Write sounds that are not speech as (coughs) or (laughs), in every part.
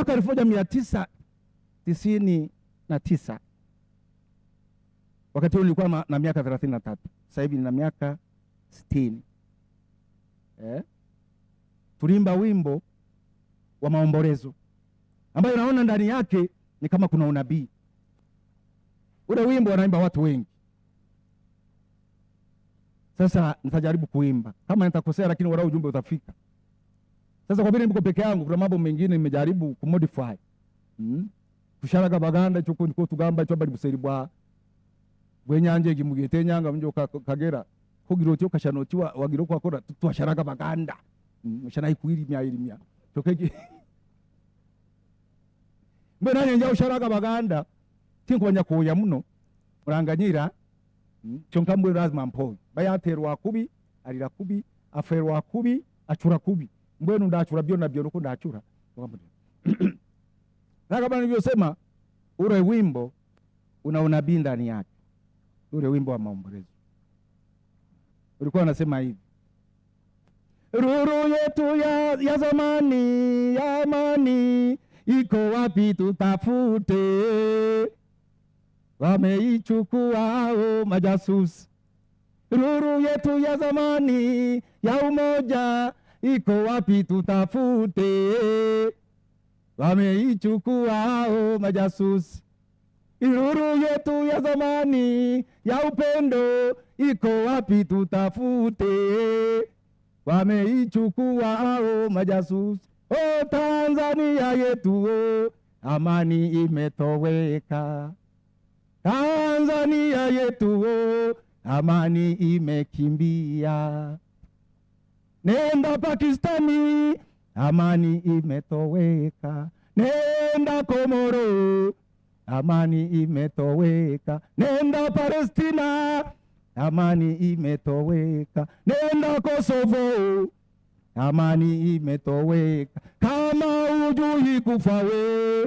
Mwaka elfu moja mia tisa tisini na tisa wakati huo nilikuwa na miaka thelathini na tatu sasa hivi nina miaka sitini eh? Tulimba wimbo wa maombolezo ambayo naona ndani yake ni kama kuna unabii. Ule wimbo wanaimba watu wengi. Sasa nitajaribu kuimba, kama nitakosea, lakini walau ujumbe utafika. Sasa kwa vile niko peke yangu, kuna mambo mengine nimejaribu hmm? ku modify mm kusharaga baganda cyo ko tugamba cyo bari buseribwa bwenyanje gimugete nyanga mjo kagera kugira cyo kashano cyo wagiro kwa kora twasharaga baganda mya ikwirimya mya tokeje mbe nanye njya usharaga baganda tinkubanya kuya muno muranganyira hmm? cyo nkambwe lazima mpoye bayaterwa kubi arira kubi aferwa kubi acura kubi mbwenu ndachura byona byona ko ndachura na kama nilivyosema, ule wimbo una unabii ndani yake. Ule wimbo wa maombolezo ulikuwa unasema hivi: ruru yetu ya, ya zamani ya amani iko wapi? Tutafute, wameichukua o majasusi. Ruru yetu ya zamani ya umoja iko wapi? Tutafute, wameichukua o majasusi. iruru yetu ya zamani ya upendo iko wapi? Tutafute, wameichukua o majasusi. O Tanzania yetu o, amani imetoweka. Tanzania yetu o, amani imekimbia. Nenda Pakistani, amani imetoweka. Nenda Komoro, amani imetoweka. Nenda Palestina, amani imetoweka. Nenda Kosovo, amani imetoweka. Kama ujui kufa we,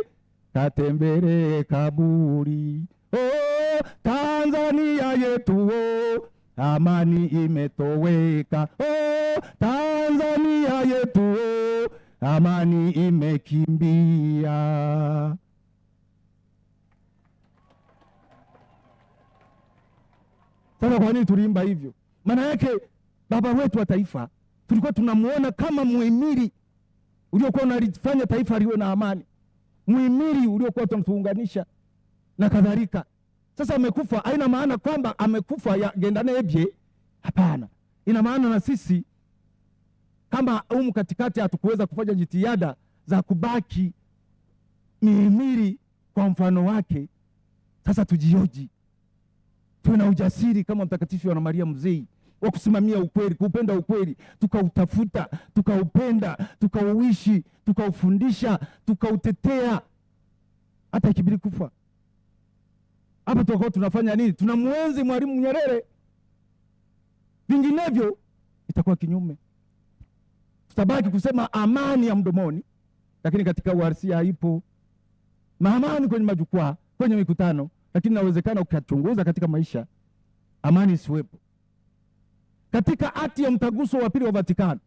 katembere kaburi. Oh, Tanzania yetu oh amani imetoweka, oh, Tanzania yetu oh, amani imekimbia. Sasa kwa nini tuliimba hivyo? Maana yake baba wetu wa taifa tulikuwa tunamuona kama muhimili uliokuwa unalifanya taifa liwe na amani, muhimili uliokuwa tunatuunganisha na kadhalika. Sasa amekufa haina maana kwamba amekufa yagenda gendane hapana. Ina maana na sisi kama umu katikati hatukuweza kufanya jitihada za kubaki mihimili kwa mfano wake. Sasa tujioji, tuwe na ujasiri kama Mtakatifu Yohana Maria Mzee wa kusimamia ukweli, kuupenda ukweli, tukautafuta, tukaupenda, tukauishi, tukaufundisha, tukautetea hata ikibidi kufa hapa tutakuwa tunafanya nini? Tunamwenzi Mwalimu Nyerere, vinginevyo itakuwa kinyume. Tutabaki kusema amani ya mdomoni, lakini katika uhalisia haipo maamani kwenye majukwaa, kwenye mikutano, lakini inawezekana ukachunguza katika maisha amani isiwepo. Katika hati ya mtaguso wa pili wa Vatikano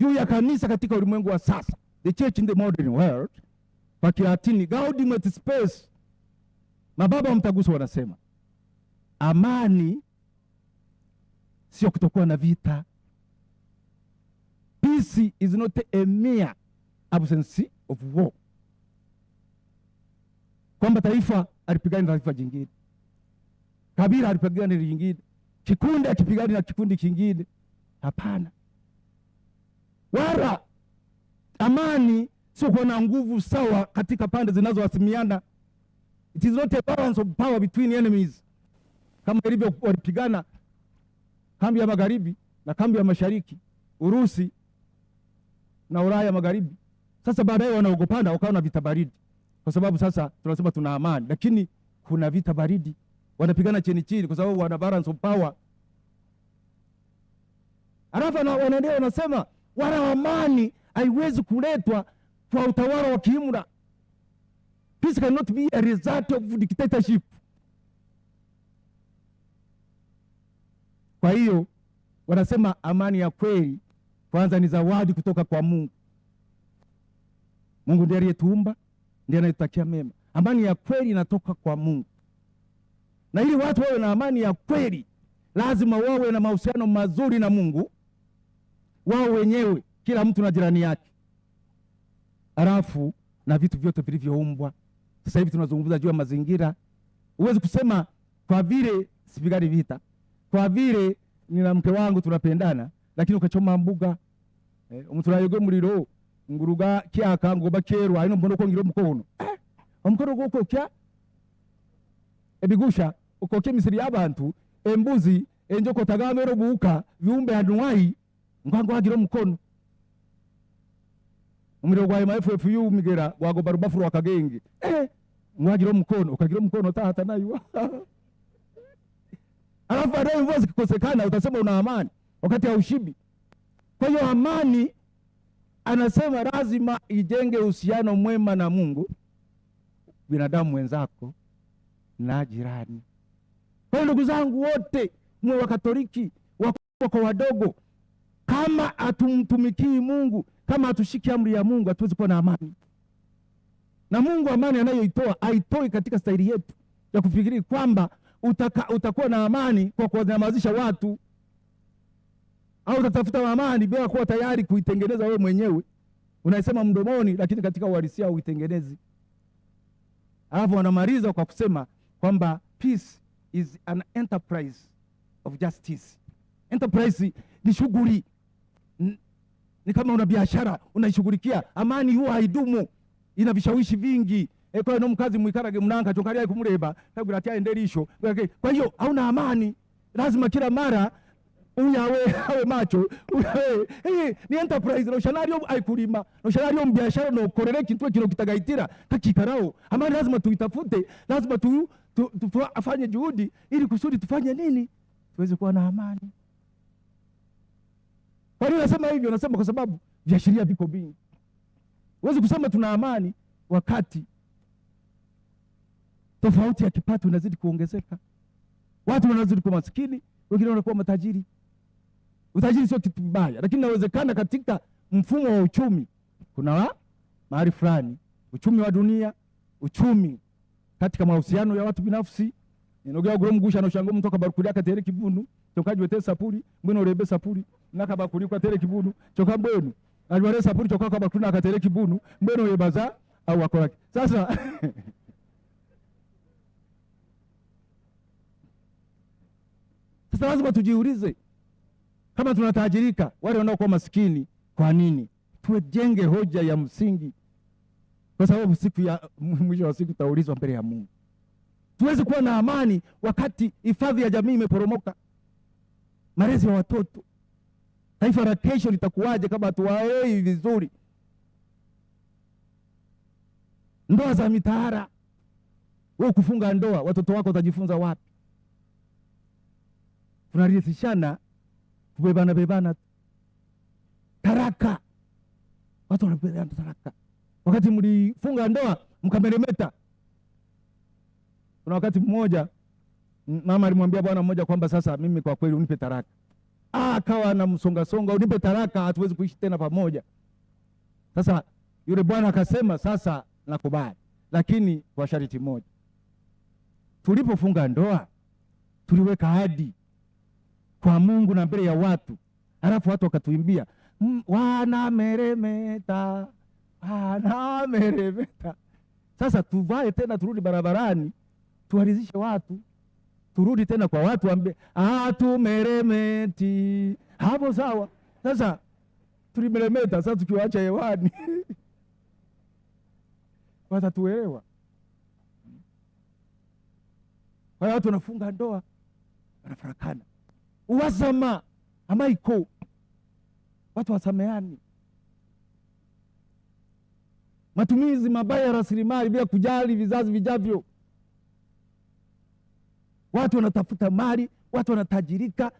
juu ya kanisa katika ulimwengu wa sasa, the church in the modern world, kwa Kilatini Gaudium et Spes Mababa wa Mtaguso wanasema amani sio kutokuwa na vita. Peace is not a mere absence of war, kwamba taifa alipigana na taifa jingine, kabila alipigana na jingine, kikundi akipigana na kikundi kingine. Hapana, wala amani sio kuwa na nguvu sawa katika pande zinazohasimiana. It is not a balance of power between enemies, kama ilivyo walipigana kambi ya magharibi na kambi ya mashariki, Urusi na Ulaya magharibi. Sasa baadaye wanaogopana wakawa na vita baridi, kwa sababu sasa tunasema tuna amani, lakini kuna vita baridi, wanapigana chini chini, kwa sababu wana balance of power. Alafu wanaendelea wanasema wala amani haiwezi kuletwa kwa utawala wa kiimla peace cannot be a result of dictatorship. Kwa hiyo wanasema amani ya kweli kwanza ni zawadi kutoka kwa Mungu. Mungu ndiye aliyetuumba, ndiye anayetakia mema. Amani ya kweli inatoka kwa Mungu, na ili watu wawe na amani ya kweli lazima wawe na mahusiano mazuri na Mungu wao wenyewe, kila mtu na jirani yake, halafu na vitu vyote vilivyoumbwa sasa hivi tunazungumza juu ya mazingira, huwezi kusema kwa vile sipigani vita, kwa vile nina mke wangu tunapendana, lakini ukachoma mbuga eh, umuturayoge muliro nguruga kyaka kangu bakero ino mbono kongiro mukono eh, omukoro goko kya ebigusha eh, kye misiri abantu embuzi enjoko tagamero buka viumbe andwai ngwango hagiro mukono umiro gwa MFF gwa wagoba rubafu rwa kagenge eh mwajiro mkono ukagira mkono na iwa alafu baadaye mvua zikikosekana utasema una amani wakati haushibi. Kwa hiyo amani, anasema lazima ijenge uhusiano mwema na Mungu, binadamu wenzako na jirani. Kwa hiyo ndugu zangu wote, mwe Wakatoliki wakubwa kwa wadogo kama hatumtumikii Mungu, kama hatushiki amri ya Mungu, hatuwezi kuwa na amani. Na Mungu amani anayoitoa aitoi katika staili yetu ya kufikiri kwamba utaka, utakuwa na amani kwa kuwanyamazisha watu au utatafuta amani bila kuwa tayari kuitengeneza wewe mwenyewe. Unaisema mdomoni, lakini katika uhalisia uitengenezi. Alafu wanamaliza kwa kusema kwamba peace is an enterprise of justice. Enterprise ni shughuli ni kama una biashara unaishughulikia, amani huwa haidumu, ina vishawishi vingi. E, kwa hiyo mkazi mwikarage mnanga chongalia kumureba kagura tya endelisho. Kwa hiyo hauna amani, lazima kila mara uyawe (laughs) awe macho hey, ni enterprise na no scenario aikulima ushanari yo mbiashara no korere kintu kino kitagaitira kakikarao amani lazima tuitafute, lazima tu, tu, tu, tu afanye juhudi ili kusudi tufanye nini tuweze kuwa na amani. Kwa nini nasema hivyo? Nasema kwa sababu viashiria viko vingi. Huwezi kusema tuna amani wakati tofauti ya kipato inazidi kuongezeka, watu wanazidi kuwa maskini, wengine wanakuwa matajiri. Utajiri sio kitu mbaya, lakini inawezekana katika mfumo wa uchumi kuna wa mahali fulani, uchumi wa dunia, uchumi katika mahusiano ya watu binafsi inogea gromgusha mgusha no mtoka barukuri akatere kibundu tokaji wete sapuri mwino urebe sapuri kwa tele kibunu choka mbwenu najwale sapuni choka kwa kabakuli nakatere kibunu mbwenu yebaza au akolaki sasa (laughs) Sasa lazima tujiulize kama tunatajirika, wale wanaokuwa masikini kwa nini? Tuwejenge hoja ya msingi, kwa sababu siku ya (laughs) mwisho wa siku tutaulizwa mbele ya Mungu. Tuwezi kuwa na amani wakati hifadhi ya jamii imeporomoka, malezi ya watoto Taifa la kesho litakuwaje kama tuwaei vizuri? Ndoa za mitaara, wewe kufunga ndoa, watoto wako watajifunza wapi? Tunarithishana kubebana bebana. Taraka, watu wanapenda taraka. Wakati mlifunga ndoa mkameremeta. Kuna wakati mmoja mama alimwambia bwana mmoja kwamba sasa, mimi kwa kweli unipe taraka akawa songa unipe taraka, hatuwezi kuishi tena pamoja. Sasa yule bwana akasema, sasa nakubali, lakini kwa sharti moja. Tulipofunga ndoa tuliweka ahadi kwa Mungu na mbele ya watu, alafu watu wakatuimbia wanameremeta, wanameremeta. Sasa tuvae tena, turudi barabarani, tuwaridhishe watu turudi tena kwa watu ambe atumeremeti ah, hapo, sawa. Sasa tulimeremeta, sasa tukiwaacha hewani (laughs) watatuelewa. Kwa hiyo watu wanafunga ndoa wanafarakana, uwazama amaiko, watu wasameani, matumizi mabaya ya rasilimali bila kujali vizazi vijavyo. Watu wanatafuta mali, watu wanatajirika,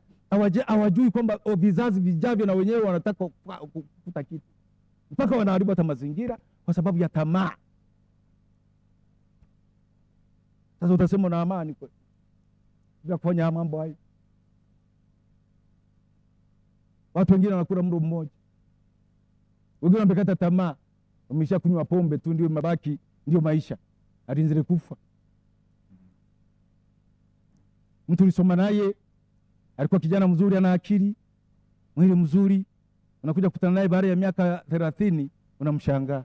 hawajui kwamba oh, vizazi vijavyo na wenyewe wanataka kukuta kitu, mpaka wanaharibu hata mazingira kwa sababu ya tamaa. Sasa utasema na amani kweli bila kufanya mambo hayo? Watu wengine wanakula mlo mmoja, wengine wamekata tamaa, wameisha kunywa pombe tu, ndio mabaki, ndio maisha arinzire kufa mtu ulisoma naye, alikuwa kijana mzuri, ana akili, mwili mzuri, unakuja kukutana naye baada ya miaka thelathini unamshangaa.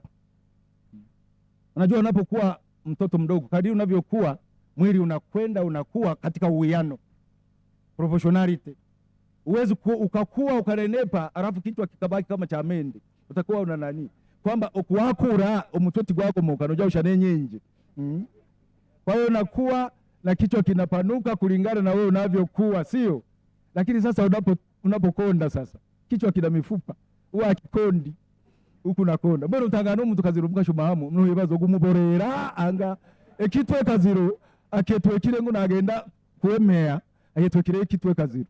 Unajua, unapokuwa mtoto mdogo, kadiri unavyokuwa mwili unakwenda unakuwa katika uwiano proportionality. Uwezi ukakuwa ukanenepa alafu kichwa kikabaki kama cha mende, utakuwa una nani kwamba ukuwakura umutoti gwako mukano ja ushanenyenje mm. kwa hiyo nakuwa na kichwa kinapanuka kulingana na wewe unavyokuwa, sio? Lakini sasa unapo unapokonda sasa, kichwa kina mifupa huwa akikondi huku na konda mbona utangana mtu kazirumuka shumahamu no ibibazo gumuborera anga ekitwe kaziru aketwe aketwekire ngo nagenda kuemea kire ekitwe kaziru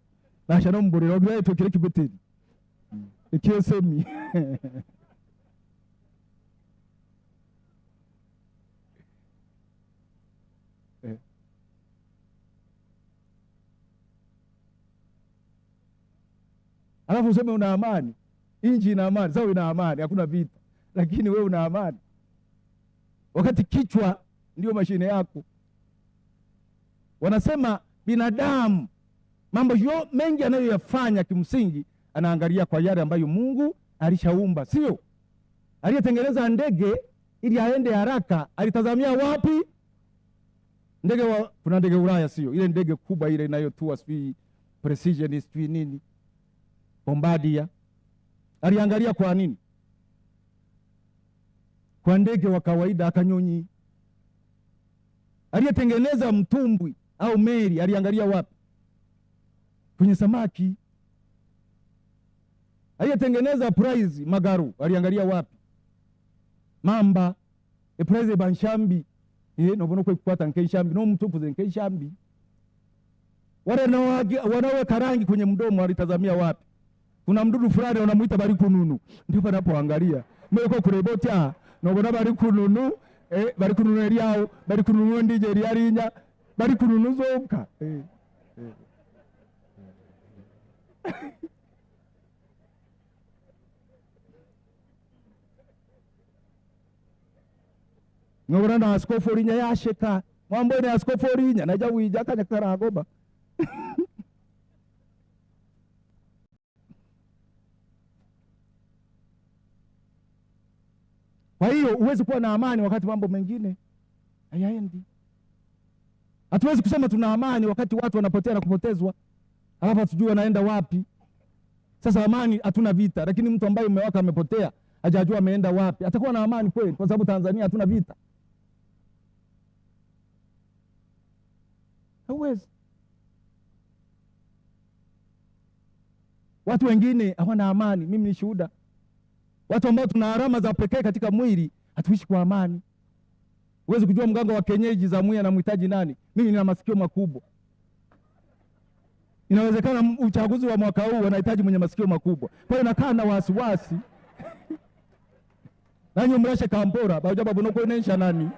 nasha no ogira ogire kire kibeteri ekiyesemi (laughs) alafu useme una amani, nchi ina amani, sawa, ina amani, hakuna vita, lakini we una amani, wakati kichwa ndio mashine yako. Wanasema binadamu mambo yo mengi anayoyafanya kimsingi anaangalia kwa yale ambayo Mungu alishaumba, sio aliyetengeneza ndege ili aende haraka, alitazamia wapi? Ndege wa, kuna ndege Ulaya, sio ile ndege kubwa ile inayotua sijui precision sijui nini Bombardier aliangalia kwa nini kwa ndege wa kawaida akanyonyi. Aliyetengeneza mtumbwi au meli aliangalia wapi? Kwenye samaki. Aliyetengeneza prize magaru aliangalia wapi? Mamba. E prize banshambi ye nobona kwe kukwata nkenshambi no mtukuze nkenshambi wale wanaweka rangi kwenye mdomo alitazamia wapi? una mdudu fulani unamuita bari kununu, ndio panapoangalia meko kurebota nobona bari kununu eh, bari kununu eliao bari kununu ndije lyarinya bari kununu zobka eh, eh. nobona na askofu yasheka yashika mwambone askofu linya naja wija kanya karagoma (laughs) Kwa hiyo huwezi kuwa na amani wakati mambo mengine hayaendi. Hatuwezi kusema tuna amani wakati watu wanapotea na kupotezwa, alafu hatujui wanaenda wapi. Sasa amani, hatuna vita, lakini mtu ambaye mume wake amepotea, hajajua ameenda wapi, atakuwa na amani kweli? Kwa sababu Tanzania hatuna vita, hauwezi. Watu wengine hawana amani, mimi ni shuhuda Watu ambao tuna alama za pekee katika mwili hatuishi kwa amani. Huwezi kujua mganga wa kienyeji za mwili anamhitaji nani. Mimi nina masikio makubwa, inawezekana uchaguzi wa mwaka huu anahitaji mwenye masikio makubwa. Kwa hiyo nakaa na wasiwasi (laughs) nanyi mrashe kambora baja babunokuonesha nani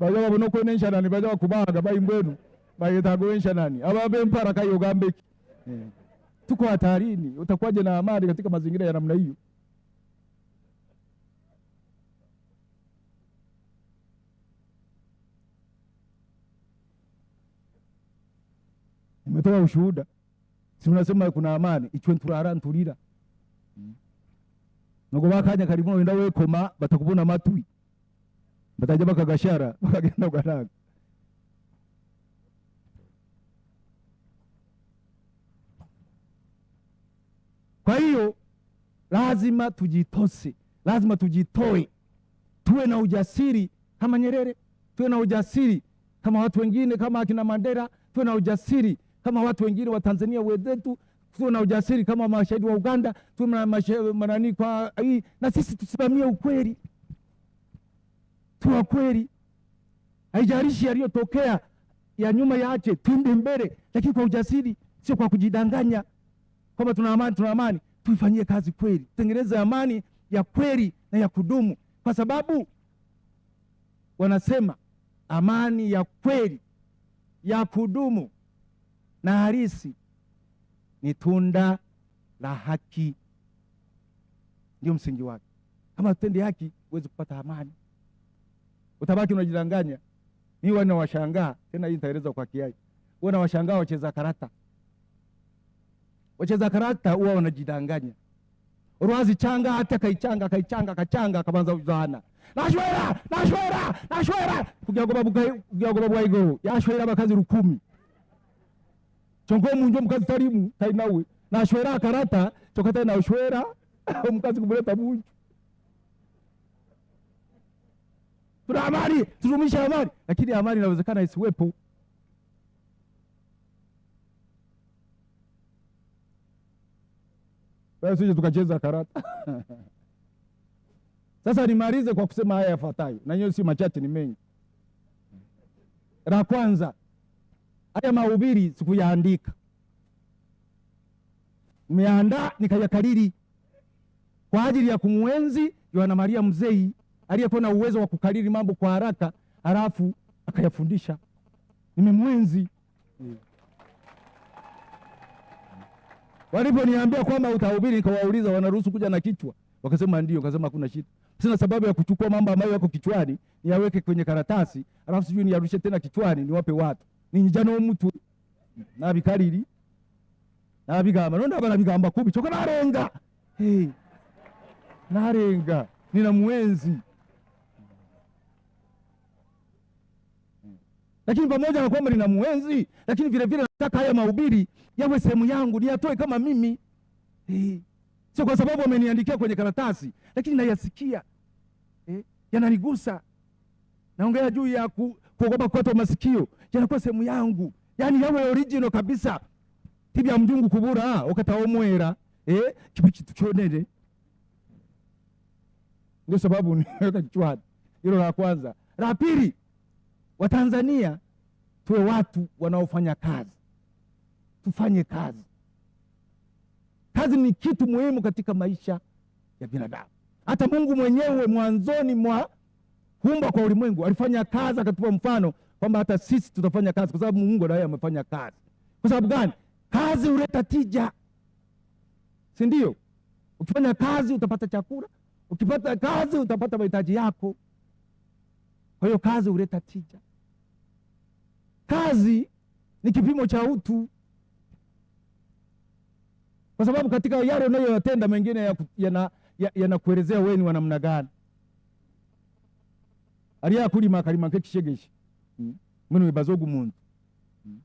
baja babunokuonesha nani baja bai baimbwenu bayetagoensha nani ababe mpara kayogambeki eh. tuko hatarini. Utakuwaje na amani katika mazingira ya namna hiyo? umetoa ushuhuda, si unasema kuna amani ichwe nturara nturira hmm. nago bakanya karibu wenda wekoma batakubona matwi bataja bakagashara (laughs) bakagenda ugaraga Kwa hiyo lazima tujitose, lazima tujitoe, tuwe na ujasiri kama Nyerere, tuwe na ujasiri kama watu wengine, kama akina Mandela, tuwe na ujasiri kama watu wengine wa Tanzania wenzetu, tuwe na ujasiri kama mashahidi wa Uganda, tuwe manani kwa hii, na sisi tusimamie ukweli, tuwa kweli, haijarishi yaliyotokea ya nyuma yaache, tuende mbele, lakini kwa ujasiri, sio kwa kujidanganya kwamba tuna amani, tuna amani. Tuifanyie kazi kweli, tutengeneze amani ya kweli na ya kudumu, kwa sababu wanasema amani ya kweli ya kudumu na halisi ni tunda la haki, ndio msingi wake. Kama tutendi haki, huwezi kupata amani, utabaki unajidanganya. Ni wana washangaa tena, hii nitaeleza kwa kiasi. Wana washangaa wacheza karata, wacheza karata huwa wanajidanganya. Rwazi changa hata kaichanga kaichanga kachanga kabanza kuzana nashwera nashwera nashwera kugira ngo babugaye kugira ngo babugaye yashwera bakazi rukumi chongo munjo (coughs) mkazi tarimu tainawe shwera karata chokata naoshwera mkazi kumleta munju tuna amani tudumishe amani lakini amani inawezekana isiwepo sije tukacheza karata (laughs) sasa nimalize kwa kusema haya yafuatayo na nyewe si machache ni mengi la kwanza Haya mahubiri sikuyaandika, nimeandaa nikayakariri kwa ajili ya kumwenzi Yohana Maria Mzee aliyekuwa na uwezo wa kukariri mambo kwa haraka halafu akayafundisha. Nimemwenzi hmm. Waliponiambia kwamba utahubiri, nikawauliza wanaruhusu kuja na kichwa, wakasema ndio. wakasema hakuna shida, sina sababu ya kuchukua mambo ambayo yako kichwani niyaweke kwenye karatasi, alafu sijui niyarushe tena kichwani niwape watu ninja n'omutwe n'abikaliri n'abigamba no ndaba nabigamba kubi narenga n'alenga narenga nina muenzi lakini pamoja na kwamba nina muenzi lakini vile nataka haya mahubiri yawe sehemu yangu, niyatoe kama mimi eh, sio kwa sababu ameniandikia kwenye karatasi, lakini nayasikia eh, yananigusa. Naongea juu ya ku, kuogopa kukatwa masikio yanakuwa sehemu yangu, yani yawe original kabisa tibya mjungu kubura omwera eh kipi kitu kionere. Ndio sababu (laughs) niweka kichwani hilo la kwanza. La pili, Watanzania tuwe watu wanaofanya kazi, tufanye kazi. Kazi ni kitu muhimu katika maisha ya binadamu. Hata Mungu mwenyewe mwanzoni mwa Kuumba kwa ulimwengu alifanya kazi, akatupa mfano kwamba hata sisi tutafanya kazi, kwa sababu Mungu naye amefanya kazi. Kwa sababu gani? Kazi huleta tija, si ndio? Ukifanya kazi utapata chakula, ukipata kazi utapata mahitaji yako. Kwa hiyo kazi huleta tija. Kazi ni kipimo cha utu, kwa sababu katika yale unayoyatenda mengine yanakuelezea ya ya wewe ni wa namna gani ali akulima akalima nk'ekishegeshe hmm. mbwenu webaza ogu muntu hmm.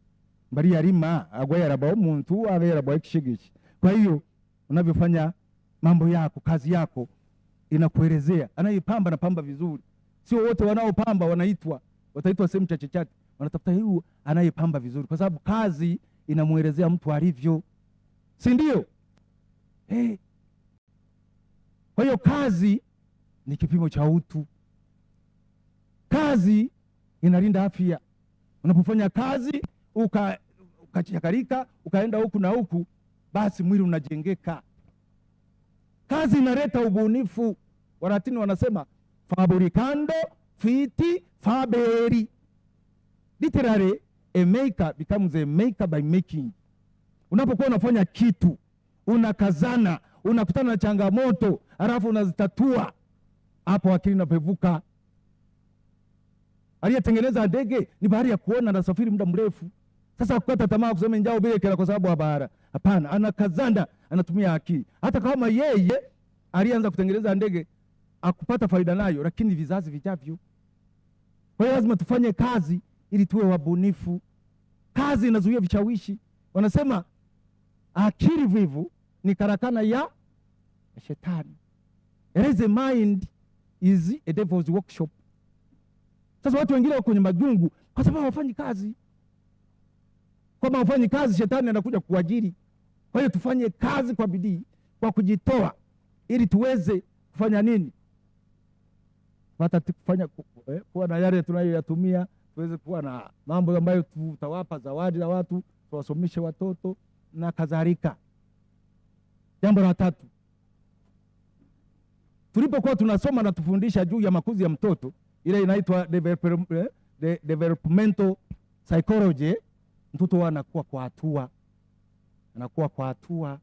bari yarima agwa yarabaho muntu abe yarabaho kishegeshe kwa hiyo unavyofanya mambo yako kazi yako inakuelezea anayepamba napamba vizuri sio wote wanaopamba wanaitwa wataitwa sehemu chache chache wanatafuta huyu anayepamba vizuri kwa sababu kazi inamwelezea mtu alivyo si ndio hey. Eh. kwa hiyo kazi ni kipimo cha utu Kazi inalinda afya. Unapofanya kazi uka ukachakarika ukaenda huku na huku, basi mwili unajengeka. Kazi inaleta ubunifu. Walatini wanasema fabricando fiti faberi, literally a maker becomes a maker by making. Unapokuwa unafanya kitu unakazana, unakutana na changamoto, halafu unazitatua, hapo akili inapevuka. Aliyetengeneza ndege ni bahari ya kuona na safiri muda mrefu. Sasa hakukata tamaa kusema njao bila kela kwa sababu ya bahara. Hapana, anakazanda, anatumia akili. Hata kama yeye alianza kutengeneza ndege akupata faida nayo, lakini vizazi vijavyo. Kwa hiyo lazima tufanye kazi ili tuwe wabunifu. Kazi inazuia vishawishi. Wanasema akili vivu ni karakana ya shetani. Raise mind is a devil's workshop. Sasa watu wengine wako kwenye majungu kwa sababu hawafanyi kazi. Kama hawafanyi kazi, shetani anakuja kuajiri. Kwa hiyo tufanye kazi kwa bidii, kwa kujitoa, ili tuweze kufanya nini? Pata kufanya eh, kuwa na yale tunayoyatumia, tuweze kuwa na mambo ambayo tutawapa zawadi za watu, tuwasomeshe watoto na kadhalika. Jambo la tatu, tulipokuwa tunasoma na tufundisha juu ya makuzi ya mtoto ile inaitwa develop, eh, developmental psychology. Mtoto anakuwa kwa hatua, anakuwa kwa hatua,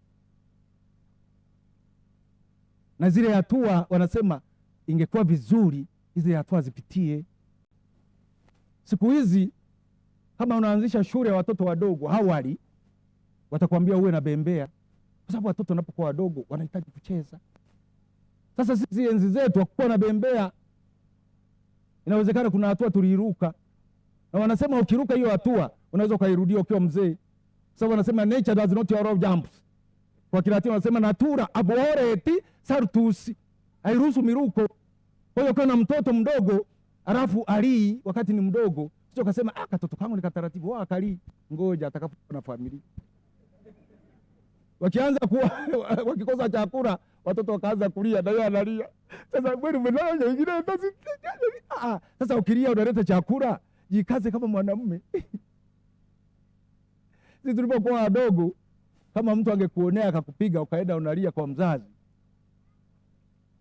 na zile hatua wanasema ingekuwa vizuri hizi hatua zipitie. Siku hizi kama unaanzisha shule ya watoto wadogo hawali, watakwambia uwe na bembea, kwa sababu watoto wanapokuwa wadogo wanahitaji kucheza. Sasa sisi enzi zetu wakuwa na bembea Inawezekana kuna hatua tuliiruka, na wanasema ukiruka hiyo hatua unaweza ukairudia ukiwa mzee. Sasa wanasema nature does not allow jumps, kwa Kilatini wanasema natura aboret saltus, hairuhusu miruko. Kwa hiyo kuna mtoto mdogo alafu alii wakati ni mdogo, sio kasema ah, katoto kangu ni kataratibu, wao ah, akali, ngoja atakapokuwa na familia wakianza kuwa (laughs) wakikosa chakula watoto wakaanza kulia, na yeye analia. Sasa kweli mwanamke basi. ah, sasa ukilia unaleta chakula, jikaze kama mwanamume. (laughs) Sisi tulipokuwa wadogo, kama mtu angekuonea akakupiga ukaenda unalia kwa mzazi,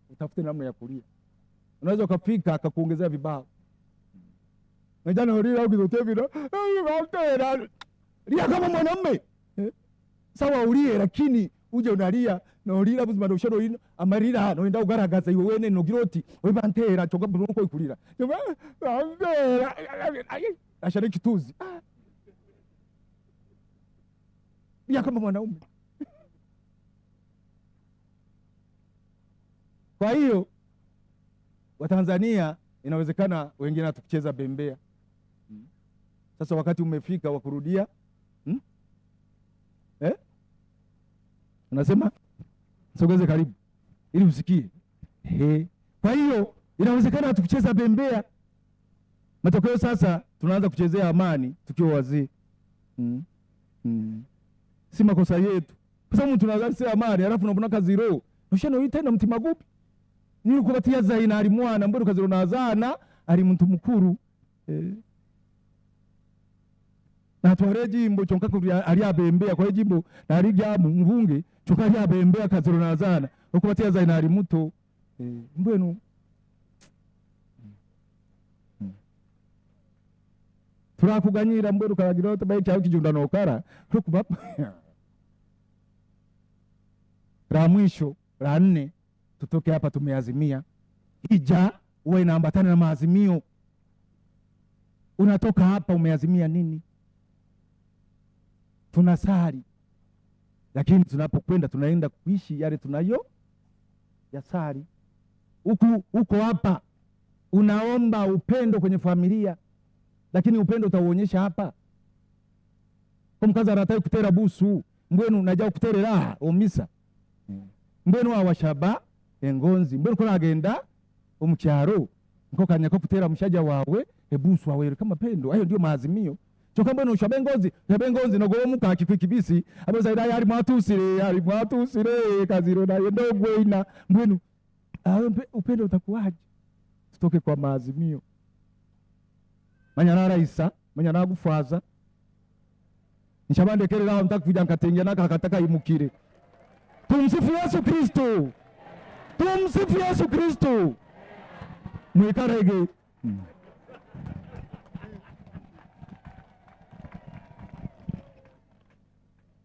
utafute namna ya kulia. Unaweza ukafika akakuongezea vibao najana lia ukizotevina lia kama mwanamume eh, sawa, ulie lakini uja unalia norira buzima ndoshero ino amarira enda ugaragaza iwe wene nogira giroti we bantera choga buruko ikurira ashare kituzi ya kama mwanaume kwa hiyo Watanzania inawezekana wengine hatukucheza bembea sasa wakati umefika wa kurudia Unasema sogeze karibu ili usikie. He. Kwa hiyo inawezekana tukicheza bembea, matokeo sasa tunaanza kuchezea amani tukiwa wazee mm. mm. Si makosa yetu, kwa sababu tunaanza amani alafu unabona kaziro ushano yitenda mtima gupi nikubatia zaina alimwana mwana mbona kaziro nazana ali mtu mkuru eh na tware jimbo chonka kuri aria abembea kwa jimbo na rija mungunge chonka aria abembea kaziro na zana ukubatia za inari muto eh mm. mbwenu mm. turakuganyira mbwenu karagira ote bayi chawo kijunda no kara kukuba la (laughs) mwisho la nne tutoke hapa tumeazimia ija uwe inaambatana na maazimio unatoka hapa umeazimia nini tunasali, lakini tunapokwenda tunaenda kuishi yale tunayo ya sali Huku huko hapa unaomba upendo kwenye familia, lakini upendo utauonyesha hapa omukazi arataye kutera busu mbwenu najao kutere raha omisa mbwenu awashaba engonzi mbwenu ko agenda omukyaro nko ko kutera mushaja wawe ebusu wawe kama pendo ayo ndio maazimio kyoka mbona ushabe ngozi shabe gomu no gomuka akikwikibisi abo zaira yari mwatusire yari kaziro na ndogo ina mbwenu awe upendo utakuwaje tutoke kwa maazimio manyana raisa manyana gufwaza nshabandekerera aho ntakuvuja nkatengera nakakataka imukire tumsifu Yesu Kristo tumsifu Yesu Kristo mwikarege hmm.